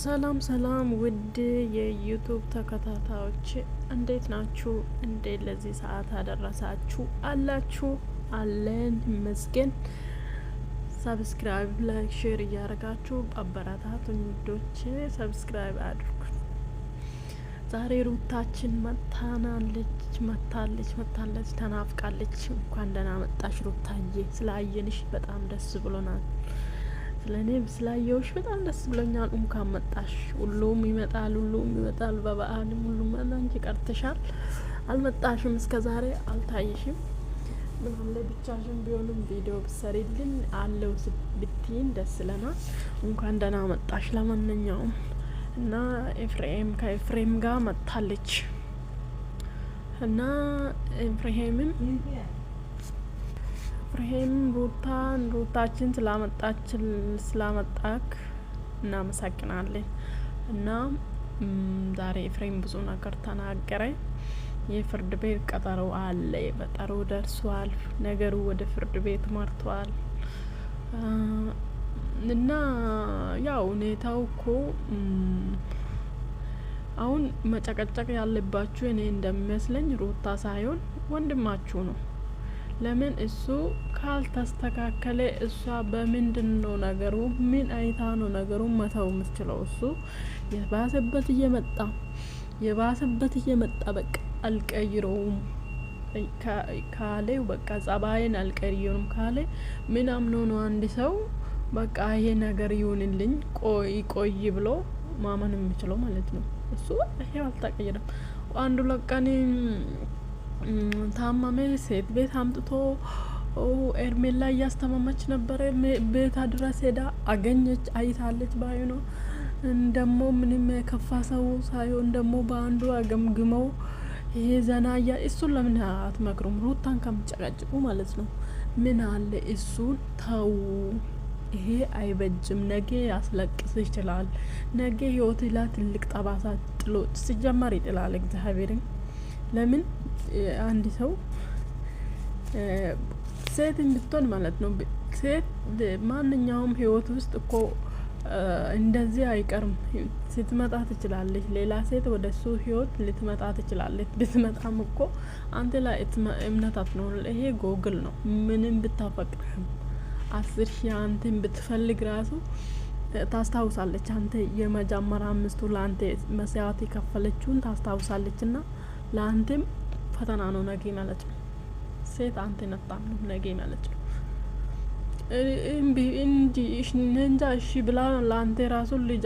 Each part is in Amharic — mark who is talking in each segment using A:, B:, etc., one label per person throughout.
A: ሰላም ሰላም ውድ የዩቱብ ተከታታዮች እንዴት ናችሁ? እንዴት ለዚህ ሰዓት አደረሳችሁ አላችሁ? አለን መስገን ሰብስክራይብ፣ ላይክ፣ ሼር እያደረጋችሁ አበረታቱኝ ውዶች፣ ሰብስክራይብ አድርጉ። ዛሬ ሩታችን መታናለች፣ መታለች፣ መታለች፣ ተናፍቃለች። እንኳን ደህና መጣሽ ሩታዬ፣ ስለ አየንሽ በጣም ደስ ብሎናል። ስለ እኔ ስላየውሽ በጣም ደስ ብሎኛል። እንኳን መጣሽ። ሁሉም ይመጣል፣ ሁሉም ይመጣል። በበዓልም ሁሉም አንቺ ቀርተሻል፣ አልመጣሽም፣ እስከ ዛሬ አልታይሽም። ምንም ላይ ቢሆንም ቪዲዮ ብሰሪልን አለው ብትይን ደስ ለናል። እንኳን ደህና መጣሽ። ለማንኛውም እና ኤፍሬም ከኤፍሬም ጋር መጥታለች እና ኤፍሬምም ኤፍሬም ሩታን ሩታችን ስላመጣችን ስላመጣክ እናመሰግናለን። እና ዛሬ ኤፍሬም ብዙ ነገር ተናገረ። የፍርድ ቤት ቀጠሮ አለ። በጠሮ ደርሷል። ነገሩ ወደ ፍርድ ቤት መርቷል። እና ያው ሁኔታው እኮ አሁን መጨቀጨቅ ያለባችሁ እኔ እንደሚመስለኝ ሩታ ሳይሆን ወንድማችሁ ነው። ለምን እሱ ካልተስተካከለ እሷ በምንድን ነው ነገሩ? ምን አይታ ነው ነገሩ መተው የምትችለው? እሱ የባሰበት እየመጣ የባሰበት እየመጣ በቃ አልቀይረውም ካሌ በቃ ጸባይን አልቀይረውም ካሌ ምን አምኖ ነው አንድ ሰው በቃ ይሄ ነገር ይሁንልኝ ቆይ ቆይ ብሎ ማመን የምችለው ማለት ነው? እሱ ይሄ አልተቀየረም። አንዱ ለቀኔ ታመመ ሴት ቤት አምጥቶ ኤርሜላ እያስተማመች ነበረ። ቤታ ድረስ ሄዳ አገኘች፣ አይታለች። ነው ደግሞ ምንም የከፋ ሰው ሳይሆን ደግሞ በአንዱ አገምግመው ይሄ ዘና እያ እሱን ለምን አትመክሩም? ሩታን ከምጨቃጭቁ ማለት ነው። ምን አለ እሱን ተዉ። ይሄ አይበጅም። ነገ ያስለቅስ ይችላል። ነገ ህይወት ላ ትልቅ ጠባሳ ጥሎ ሲጀመር ይጥላል። እግዚአብሔርን ለምን አንድ ሰው ሴት እንድትሆን ማለት ነው። ሴት ማንኛውም ህይወት ውስጥ እኮ እንደዚህ አይቀርም። ስትመጣ ትችላለች፣ ሌላ ሴት ወደ እሱ ህይወት ልትመጣ ትችላለች። ብትመጣም እኮ አንተ ላይ እምነት አትኖር። ይሄ ጎግል ነው። ምንም ብታፈቅርህም አስር ሺህ አንተን ብትፈልግ ራሱ ታስታውሳለች። አንተ የመጀመሪያ አምስቱ ለአንተ መስዋዕት የከፈለችውን ታስታውሳለች ና ለአንተም ፈተና ነው ነገ ማለት ነው። ሴት አንተ ነጣም ነው ነገ ማለት ነው። እንዲ እንጃ እሺ ብላ ለአንተ ራሱ ልጅ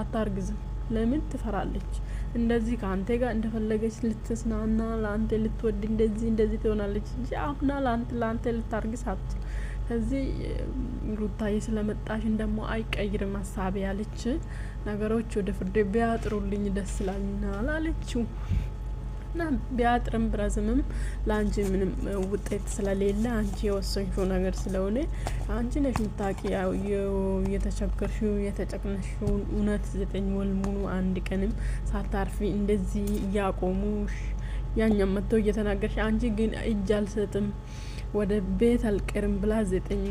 A: አታርግዝም። ለምን ትፈራለች? እንደዚህ ከአንተ ጋር እንደፈለገች ልትስናና ለአንተ ልትወድ እንደዚህ እንደዚህ ትሆናለች እንጂ አሁና ለአንተ ለአንተ ልታርግስ አትችል። ከዚህ ሩታዬ ስለመጣሽን ደግሞ አይቀይርም ሀሳቤ ያለች ነገሮች ወደ ፍርድ ቢያጥሩልኝ ደስ ይላል አላለችው። እና ቢያጥርም ብረዝምም ለአንቺ ምንም ውጤት ስለሌለ አንቺ የወሰንሽው ነገር ስለሆነ አንቺ ነሽ ምታቂ የተቸገርሽው የተጨቅነሽውን እውነት ዘጠኝ ወር ሙሉ አንድ ቀንም ሳታርፊ እንደዚህ እያቆሙሽ ያኛ መጥተው እየተናገርሽ አንቺ ግን እጅ አልሰጥም ወደ ቤት አልቀርም ብላ ዘጠኝ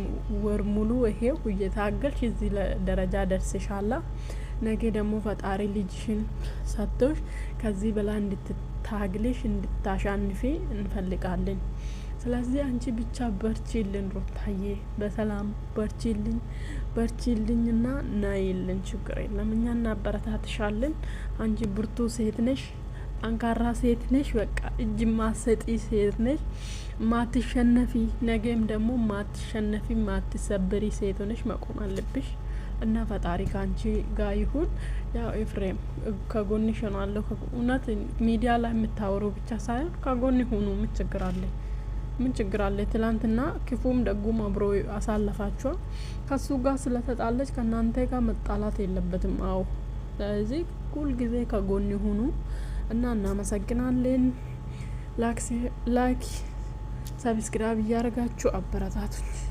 A: ወር ሙሉ ይሄው እየታገልሽ እዚህ ደረጃ ደርስሻላ ነገ ደግሞ ፈጣሪ ልጅሽን ሰጥቶሽ ከዚህ በላይ እንድትታግልሽ እንድታሻንፊ እንፈልጋለን። ስለዚህ አንቺ ብቻ በርቺልን ሩታዬ፣ በሰላም በርቺልኝ ና ናይልን ችግር የለም እኛ እናበረታትሻለን። አንቺ ብርቱ ሴት ነሽ፣ ጠንካራ ሴት ነሽ፣ በቃ እጅ ማሰጢ ሴት ነሽ፣ ማትሸነፊ ነገም ደግሞ ማትሸነፊ ማትሰብሪ ሴት ሆነሽ መቆም አለብሽ። እና ፈጣሪ ካንቺ ጋር ይሁን። ያው ኤፍሬም ከጎን ሆናለሁ። እውነት ሚዲያ ላይ የምታወሩ ብቻ ሳይሆን ከጎን ሆኑ። ምን ችግር አለ? ምን ችግር አለ? ትላንትና ክፉም ደጉም አብሮ አሳለፋችኋል። ከሱ ጋር ስለተጣለች ከእናንተ ጋር መጣላት የለበትም። አዎ፣ ስለዚህ ሁልጊዜ ከጎን ሆኑ እና እናመሰግናለን። ላይክ ሰብስክራይብ እያደረጋችሁ አበረታቱች